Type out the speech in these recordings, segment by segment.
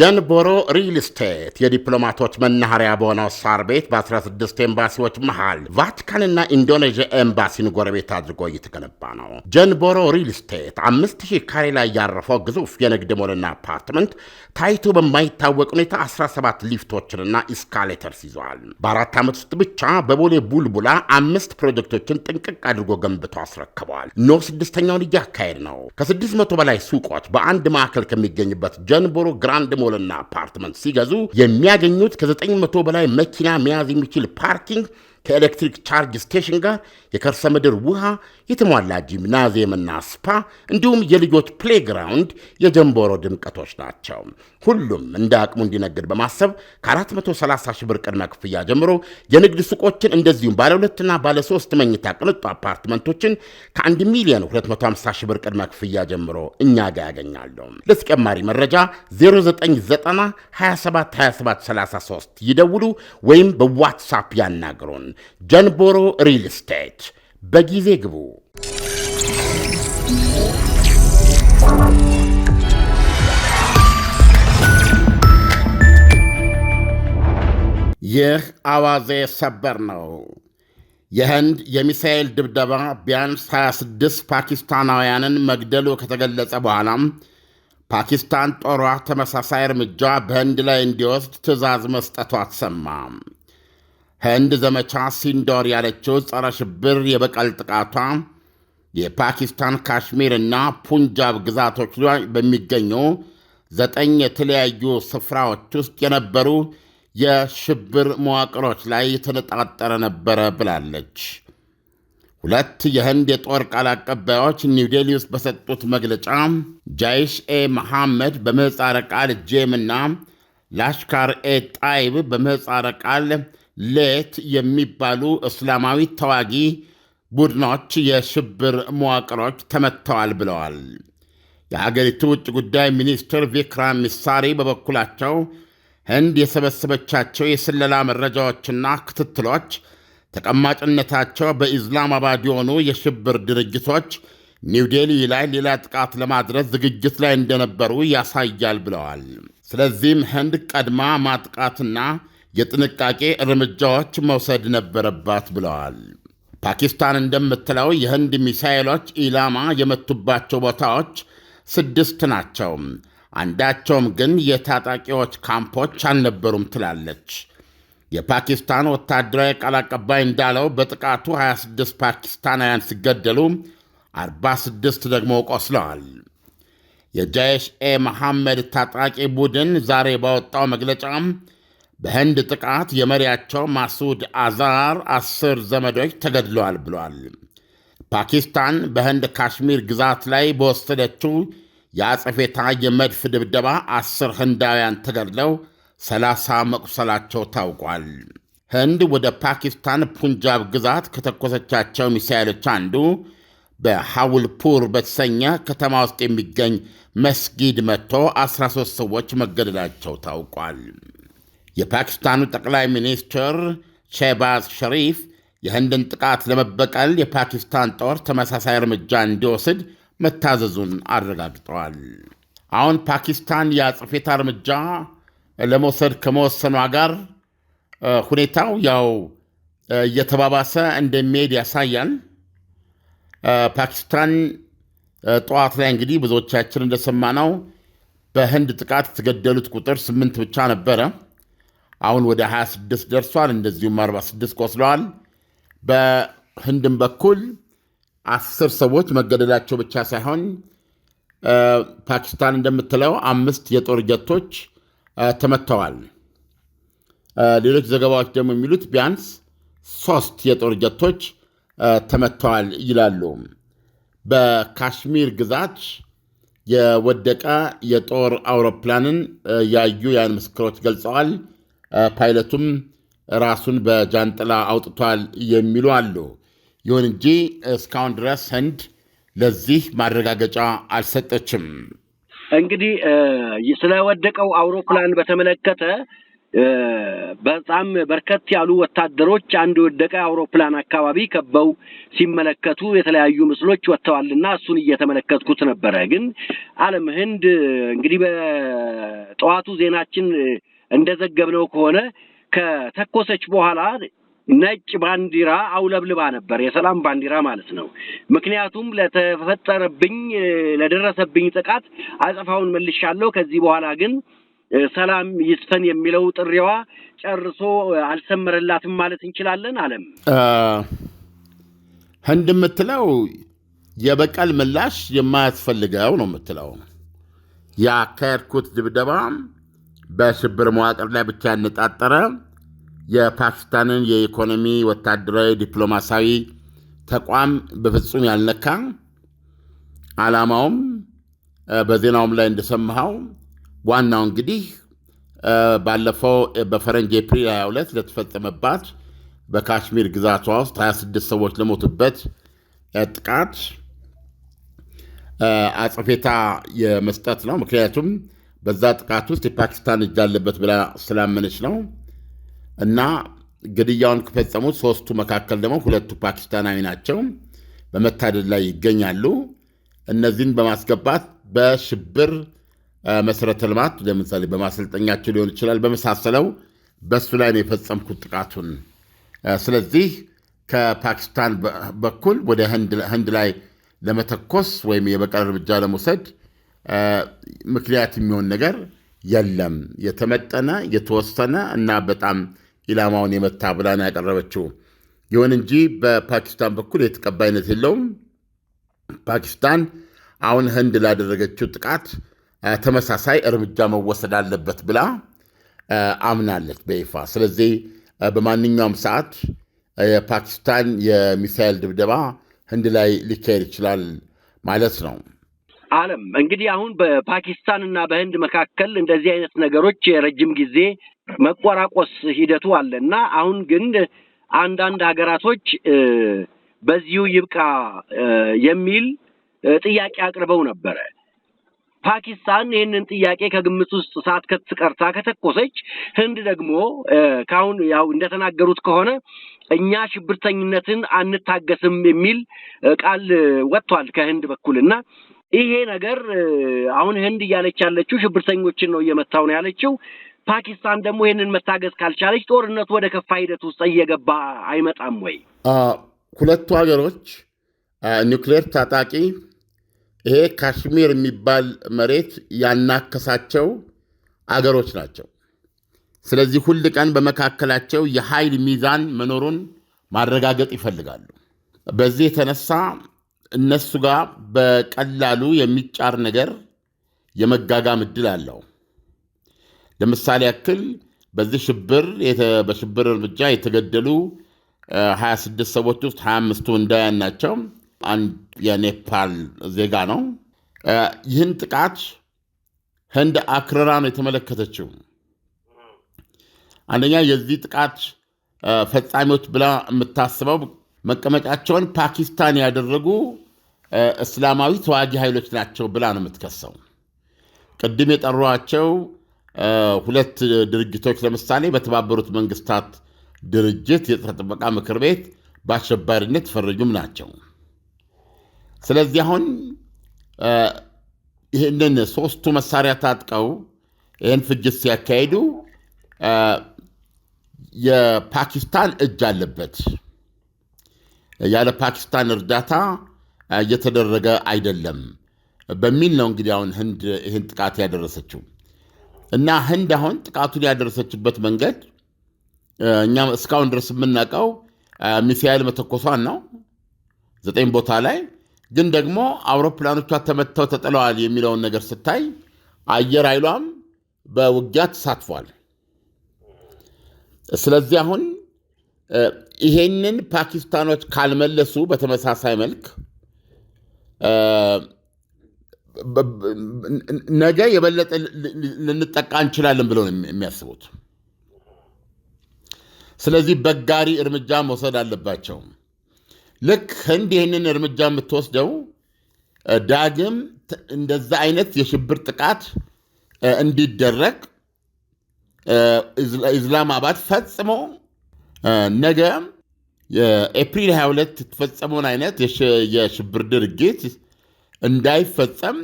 ጀንቦሮ ሪል ስቴት የዲፕሎማቶች መናኸሪያ በሆነው ሳር ቤት በ16 ኤምባሲዎች መሃል ቫቲካንና ኢንዶኔዥያ ኤምባሲን ጎረቤት አድርጎ እየተገነባ ነው። ጀንቦሮ ሪል ስቴት 5000 ካሬ ላይ ያረፈው ግዙፍ የንግድ ሞልና አፓርትመንት ታይቶ በማይታወቅ ሁኔታ 17 ሊፍቶችንና ኢስካሌተርስ ይዘዋል። በአራት ዓመት ውስጥ ብቻ በቦሌ ቡልቡላ አምስት ፕሮጀክቶችን ጥንቅቅ አድርጎ ገንብቶ አስረክበዋል። ኖ ስድስተኛውን እያካሄድ ነው። ከ600 በላይ ሱቆች በአንድ ማዕከል ከሚገኝበት ጀንቦሮ ግራንድ ሞልና አፓርትመንት ሲገዙ የሚያገኙት ከ መቶ በላይ መኪና መያዝ የሚችል ፓርኪንግ ከኤሌክትሪክ ቻርጅ ስቴሽን ጋር የከርሰ ምድር ውሃ፣ የተሟላ ጂምናዚየምና ስፓ እንዲሁም የልጆች ፕሌግራውንድ የጀንቦሮ ድምቀቶች ናቸው። ሁሉም እንደ አቅሙ እንዲነግድ በማሰብ ከ430 ሺህ ብር ቅድመ ክፍያ ጀምሮ የንግድ ሱቆችን እንደዚሁም ባለ ሁለትና ባለ ሶስት መኝታ ቅንጡ አፓርትመንቶችን ከ1 ሚሊዮን 250 ሺህ ብር ቅድመ ክፍያ ጀምሮ እኛ ጋ ያገኛሉ። ለተጨማሪ መረጃ 0990 272733 ይደውሉ ወይም በዋትሳፕ ያናግሩን። ጀንቦሮ ሪል ስቴት በጊዜ ግቡ። ይህ አዋዜ ሰበር ነው። የህንድ የሚሳኤል ድብደባ ቢያንስ 26 ፓኪስታናውያንን መግደሉ ከተገለጸ በኋላም ፓኪስታን ጦሯ ተመሳሳይ እርምጃ በህንድ ላይ እንዲወስድ ትዕዛዝ መስጠቷ ተሰማ። ህንድ ዘመቻ ሲንዶር ያለችው ጸረ ሽብር የበቀል ጥቃቷ የፓኪስታን ካሽሚር እና ፑንጃብ ግዛቶች ላይ በሚገኙ ዘጠኝ የተለያዩ ስፍራዎች ውስጥ የነበሩ የሽብር መዋቅሮች ላይ የተነጣጠረ ነበረ ብላለች። ሁለት የህንድ የጦር ቃል አቀባዮች ኒውዴሊ ውስጥ በሰጡት መግለጫ ጃይሽ ኤ መሐመድ በምህፃረ ቃል ጄም እና ላሽካር ኤ ጣይብ በምህፃረ ቃል ሌት የሚባሉ እስላማዊ ተዋጊ ቡድኖች የሽብር መዋቅሮች ተመትተዋል ብለዋል። የሀገሪቱ ውጭ ጉዳይ ሚኒስትር ቪክራም ሚሳሪ በበኩላቸው ህንድ የሰበሰበቻቸው የስለላ መረጃዎችና ክትትሎች ተቀማጭነታቸው በኢስላማባድ የሆኑ የሽብር ድርጅቶች ኒውዴሊ ላይ ሌላ ጥቃት ለማድረስ ዝግጅት ላይ እንደነበሩ ያሳያል ብለዋል። ስለዚህም ህንድ ቀድማ ማጥቃትና የጥንቃቄ እርምጃዎች መውሰድ ነበረባት ብለዋል። ፓኪስታን እንደምትለው የህንድ ሚሳይሎች ኢላማ የመቱባቸው ቦታዎች ስድስት ናቸው። አንዳቸውም ግን የታጣቂዎች ካምፖች አልነበሩም ትላለች። የፓኪስታን ወታደራዊ ቃል አቀባይ እንዳለው በጥቃቱ 26 ፓኪስታናውያን ሲገደሉ 46 ደግሞ ቆስለዋል። የጃይሽ ኤ መሐመድ ታጣቂ ቡድን ዛሬ ባወጣው መግለጫም። በህንድ ጥቃት የመሪያቸው ማሱድ አዛር አስር ዘመዶች ተገድለዋል ብለዋል። ፓኪስታን በህንድ ካሽሚር ግዛት ላይ በወሰደችው የአጸፌታ የመድፍ ድብደባ አስር ህንዳውያን ተገድለው ሰላሳ መቁሰላቸው ታውቋል። ህንድ ወደ ፓኪስታን ፑንጃብ ግዛት ከተኮሰቻቸው ሚሳይሎች አንዱ በሐውልፑር በተሰኘ ከተማ ውስጥ የሚገኝ መስጊድ መጥቶ 13 ሰዎች መገደላቸው ታውቋል። የፓኪስታኑ ጠቅላይ ሚኒስትር ሼባዝ ሸሪፍ የህንድን ጥቃት ለመበቀል የፓኪስታን ጦር ተመሳሳይ እርምጃ እንዲወስድ መታዘዙን አረጋግጠዋል። አሁን ፓኪስታን የአጸፋ እርምጃ ለመውሰድ ከመወሰኗ ጋር ሁኔታው ያው እየተባባሰ እንደሚሄድ ያሳያል። ፓኪስታን ጠዋት ላይ እንግዲህ ብዙዎቻችን እንደሰማነው በህንድ ጥቃት የተገደሉት ቁጥር ስምንት ብቻ ነበረ። አሁን ወደ 26 ደርሷል። እንደዚሁም 46 ቆስለዋል። በህንድም በኩል አስር ሰዎች መገደላቸው ብቻ ሳይሆን ፓኪስታን እንደምትለው አምስት የጦር ጀቶች ተመተዋል። ሌሎች ዘገባዎች ደግሞ የሚሉት ቢያንስ ሶስት የጦር ጀቶች ተመተዋል ይላሉ። በካሽሚር ግዛት የወደቀ የጦር አውሮፕላንን ያዩ የዓይን ምስክሮች ገልጸዋል። ፓይለቱም ራሱን በጃንጥላ አውጥቷል የሚሉ አሉ። ይሁን እንጂ እስካሁን ድረስ ህንድ ለዚህ ማረጋገጫ አልሰጠችም። እንግዲህ ስለወደቀው አውሮፕላን በተመለከተ በጣም በርከት ያሉ ወታደሮች አንድ የወደቀ አውሮፕላን አካባቢ ከበው ሲመለከቱ የተለያዩ ምስሎች ወጥተዋልና እሱን እየተመለከትኩት ነበረ። ግን አለም ህንድ እንግዲህ በጠዋቱ ዜናችን እንደዘገብነው ከሆነ ከተኮሰች በኋላ ነጭ ባንዲራ አውለብልባ ነበር፣ የሰላም ባንዲራ ማለት ነው። ምክንያቱም ለተፈጠረብኝ ለደረሰብኝ ጥቃት አጸፋውን መልሻለሁ፣ ከዚህ በኋላ ግን ሰላም ይስፈን የሚለው ጥሪዋ ጨርሶ አልሰመረላትም ማለት እንችላለን። አለም ህንድ የምትለው የበቀል ምላሽ የማያስፈልገው ነው የምትለው ያካሄድኩት ድብደባም በሽብር መዋቅር ላይ ብቻ ያነጣጠረ የፓኪስታንን የኢኮኖሚ፣ ወታደራዊ፣ ዲፕሎማሲያዊ ተቋም በፍጹም ያልነካ ዓላማውም በዜናውም ላይ እንደሰማኸው ዋናው እንግዲህ ባለፈው በፈረንጅ ኤፕሪል 22 ለተፈጸመባት በካሽሚር ግዛቷ ውስጥ 26 ሰዎች ለሞቱበት ጥቃት አጽፌታ የመስጠት ነው። ምክንያቱም በዛ ጥቃት ውስጥ የፓኪስታን እጅ አለበት ብላ ስላመነች ነው እና ግድያውን ከፈጸሙት ሶስቱ መካከል ደግሞ ሁለቱ ፓኪስታናዊ ናቸው፣ በመታደድ ላይ ይገኛሉ። እነዚህን በማስገባት በሽብር መሰረተ ልማት ለምሳሌ በማሰልጠኛቸው ሊሆን ይችላል፣ በመሳሰለው በሱ ላይ ነው የፈጸምኩት ጥቃቱን። ስለዚህ ከፓኪስታን በኩል ወደ ህንድ ላይ ለመተኮስ ወይም የበቀል እርምጃ ለመውሰድ ምክንያት የሚሆን ነገር የለም። የተመጠነ የተወሰነ እና በጣም ኢላማውን የመታ ብላን ያቀረበችው። ይሁን እንጂ በፓኪስታን በኩል የተቀባይነት የለውም። ፓኪስታን አሁን ህንድ ላደረገችው ጥቃት ተመሳሳይ እርምጃ መወሰድ አለበት ብላ አምናለች በይፋ። ስለዚህ በማንኛውም ሰዓት የፓኪስታን የሚሳኤል ድብደባ ህንድ ላይ ሊካሄድ ይችላል ማለት ነው። አለም እንግዲህ አሁን በፓኪስታን እና በህንድ መካከል እንደዚህ አይነት ነገሮች የረጅም ጊዜ መቆራቆስ ሂደቱ አለ እና አሁን ግን አንዳንድ ሀገራቶች በዚሁ ይብቃ የሚል ጥያቄ አቅርበው ነበረ። ፓኪስታን ይህንን ጥያቄ ከግምት ውስጥ ሳትከት ቀርታ ከተኮሰች፣ ህንድ ደግሞ ካሁን ያው እንደተናገሩት ከሆነ እኛ ሽብርተኝነትን አንታገስም የሚል ቃል ወጥቷል ከህንድ በኩል እና ይሄ ነገር አሁን ህንድ እያለች ያለችው ሽብርተኞችን ነው እየመታው ነው ያለችው። ፓኪስታን ደግሞ ይህንን መታገዝ ካልቻለች ጦርነቱ ወደ ከፋ ሂደት ውስጥ እየገባ አይመጣም ወይ? ሁለቱ ሀገሮች ኒውክሌር ታጣቂ ይሄ ካሽሚር የሚባል መሬት ያናከሳቸው አገሮች ናቸው። ስለዚህ ሁል ቀን በመካከላቸው የኃይል ሚዛን መኖሩን ማረጋገጥ ይፈልጋሉ። በዚህ የተነሳ እነሱ ጋር በቀላሉ የሚጫር ነገር የመጋጋም እድል አለው። ለምሳሌ ያክል በዚህ ሽብር በሽብር እርምጃ የተገደሉ 26 ሰዎች ውስጥ 25ቱ ህንዳውያን ናቸው። አንድ የኔፓል ዜጋ ነው። ይህን ጥቃት ህንድ አክረራ ነው የተመለከተችው። አንደኛ የዚህ ጥቃት ፈጻሚዎች ብላ የምታስበው መቀመጫቸውን ፓኪስታን ያደረጉ እስላማዊ ተዋጊ ኃይሎች ናቸው ብላ ነው የምትከሰው። ቅድም የጠሯቸው ሁለት ድርጅቶች ለምሳሌ በተባበሩት መንግስታት ድርጅት የጸጥታ ጥበቃ ምክር ቤት በአሸባሪነት ፈረጁም ናቸው። ስለዚህ አሁን ይህንን ሶስቱ መሳሪያ ታጥቀው ይህን ፍጅት ሲያካሄዱ የፓኪስታን እጅ አለበት። ያለ ፓኪስታን እርዳታ እየተደረገ አይደለም በሚል ነው እንግዲህ አሁን ህንድ ይህን ጥቃት ያደረሰችው እና ህንድ አሁን ጥቃቱን ያደረሰችበት መንገድ እኛም እስካሁን ድረስ የምናውቀው ሚሳኤል መተኮሷን ነው ዘጠኝ ቦታ ላይ ግን ደግሞ አውሮፕላኖቿ ተመተው ተጥለዋል የሚለውን ነገር ስታይ አየር ኃይሏም በውጊያ ተሳትፏል። ስለዚህ አሁን ይሄንን ፓኪስታኖች ካልመለሱ በተመሳሳይ መልክ ነገ የበለጠ ልንጠቃ እንችላለን ብለው ነው የሚያስቡት። ስለዚህ በጋሪ እርምጃ መውሰድ አለባቸው። ልክ ህንድ ይህንን እርምጃ የምትወስደው ዳግም እንደዛ አይነት የሽብር ጥቃት እንዲደረግ ኢስላማባድ ፈጽሞ ነገ የኤፕሪል 22 የተፈጸመውን አይነት የሽብር ድርጊት እንዳይፈጸም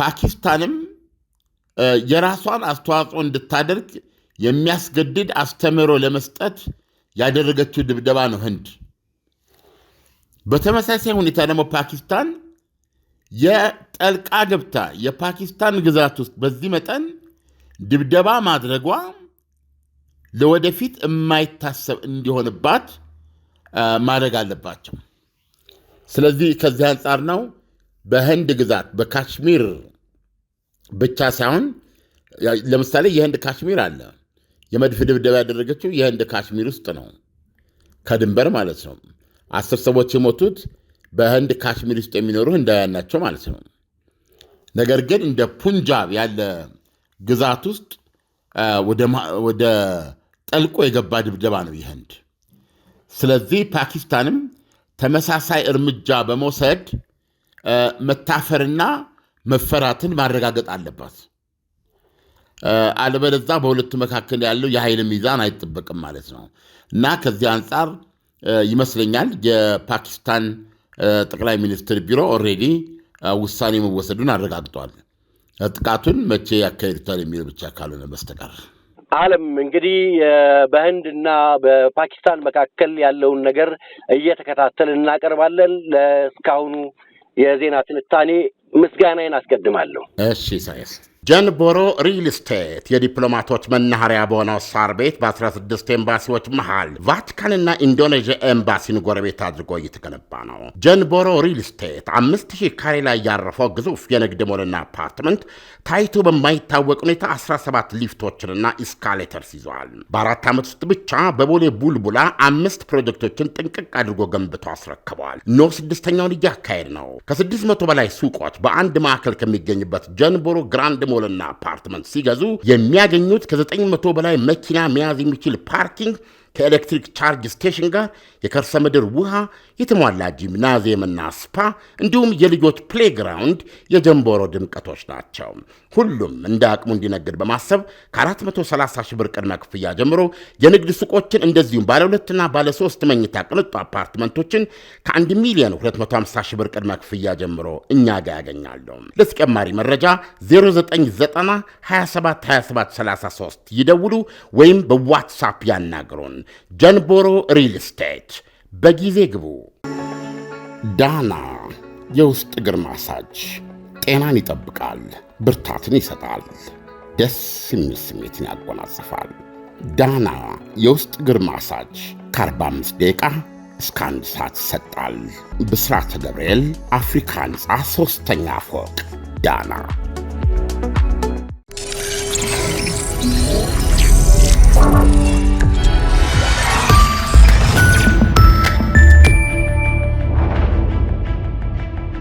ፓኪስታንም የራሷን አስተዋጽኦ እንድታደርግ የሚያስገድድ አስተምህሮ ለመስጠት ያደረገችው ድብደባ ነው። ህንድ በተመሳሳይ ሁኔታ ደግሞ ፓኪስታን የጠልቃ ገብታ የፓኪስታን ግዛት ውስጥ በዚህ መጠን ድብደባ ማድረጓ ለወደፊት የማይታሰብ እንዲሆንባት ማድረግ አለባቸው። ስለዚህ ከዚህ አንጻር ነው በህንድ ግዛት በካሽሚር ብቻ ሳይሆን ለምሳሌ የህንድ ካሽሚር አለ። የመድፍ ድብደባ ያደረገችው የህንድ ካሽሚር ውስጥ ነው፣ ከድንበር ማለት ነው። አስር ሰዎች የሞቱት በህንድ ካሽሚር ውስጥ የሚኖሩ ህንዳውያን ናቸው ማለት ነው። ነገር ግን እንደ ፑንጃብ ያለ ግዛት ውስጥ ወደ ጠልቆ የገባ ድብደባ ነው የህንድ። ስለዚህ ፓኪስታንም ተመሳሳይ እርምጃ በመውሰድ መታፈርና መፈራትን ማረጋገጥ አለባት። አለበለዛ በሁለቱ መካከል ያለው የኃይል ሚዛን አይጠበቅም ማለት ነው እና ከዚህ አንጻር ይመስለኛል የፓኪስታን ጠቅላይ ሚኒስትር ቢሮ ኦልሬዲ ውሳኔ መወሰዱን አረጋግጧል። ጥቃቱን መቼ ያካሂዱታል የሚለው ብቻ ካልሆነ በስተቀር አለም እንግዲህ በህንድ እና በፓኪስታን መካከል ያለውን ነገር እየተከታተልን እናቀርባለን። ለእስካሁኑ የዜና ትንታኔ ምስጋናዬን አስቀድማለሁ። እሺ ኢሳያስ ጀንቦሮ ሪል ስቴት የዲፕሎማቶች መናኸሪያ በሆነው ሳር ቤት በ16 ኤምባሲዎች መሃል ቫቲካንና ኢንዶኔዥያ ኤምባሲን ጎረቤት አድርጎ እየተገነባ ነው። ጀንቦሮ ሪል ስቴት 5000 ካሬ ላይ ያረፈው ግዙፍ የንግድ ሞልና አፓርትመንት ታይቶ በማይታወቅ ሁኔታ 17 ሊፍቶችንና ኢስካሌተርስ ይዘዋል። በአራት ዓመት ውስጥ ብቻ በቦሌ ቡልቡላ አምስት ፕሮጀክቶችን ጥንቅቅ አድርጎ ገንብቶ አስረክበዋል። ኖ ስድስተኛውን እያካሄድ ነው። ከ600 በላይ ሱቆች በአንድ ማዕከል ከሚገኝበት ጀንቦሮ ግራንድ ሞልና አፓርትመንት ሲገዙ የሚያገኙት ከ መቶ በላይ መኪና መያዝ የሚችል ፓርኪንግ ከኤሌክትሪክ ቻርጅ ስቴሽን ጋር የከርሰ ምድር ውሃ፣ የተሟላ ጂምናዚየምና ስፓ እንዲሁም የልጆች ፕሌግራውንድ የጀንቦሮ ድምቀቶች ናቸው። ሁሉም እንደ አቅሙ እንዲነግድ በማሰብ ከ430 ሺህ ብር ቅድመ ክፍያ ጀምሮ የንግድ ሱቆችን እንደዚሁም ባለ ሁለትና ባለ ሶስት መኝታ ቅንጡ አፓርትመንቶችን ከ1 ሚሊዮን 250 ሺህ ብር ቅድመ ክፍያ ጀምሮ እኛ ጋ ያገኛሉ። ለተጨማሪ መረጃ 0990 272733 ይደውሉ ወይም በዋትሳፕ ያናግሩን። ጀንቦሮ ሪል ስቴት በጊዜ ግቡ። ዳና የውስጥ እግር ማሳጅ ጤናን ይጠብቃል፣ ብርታትን ይሰጣል፣ ደስ የሚል ስሜትን ያጎናጽፋል። ዳና የውስጥ እግር ማሳጅ ከ45 ደቂቃ እስከ አንድ ሰዓት ይሰጣል። ብስራተ ገብርኤል አፍሪካ ህንፃ ሦስተኛ ፎቅ ዳና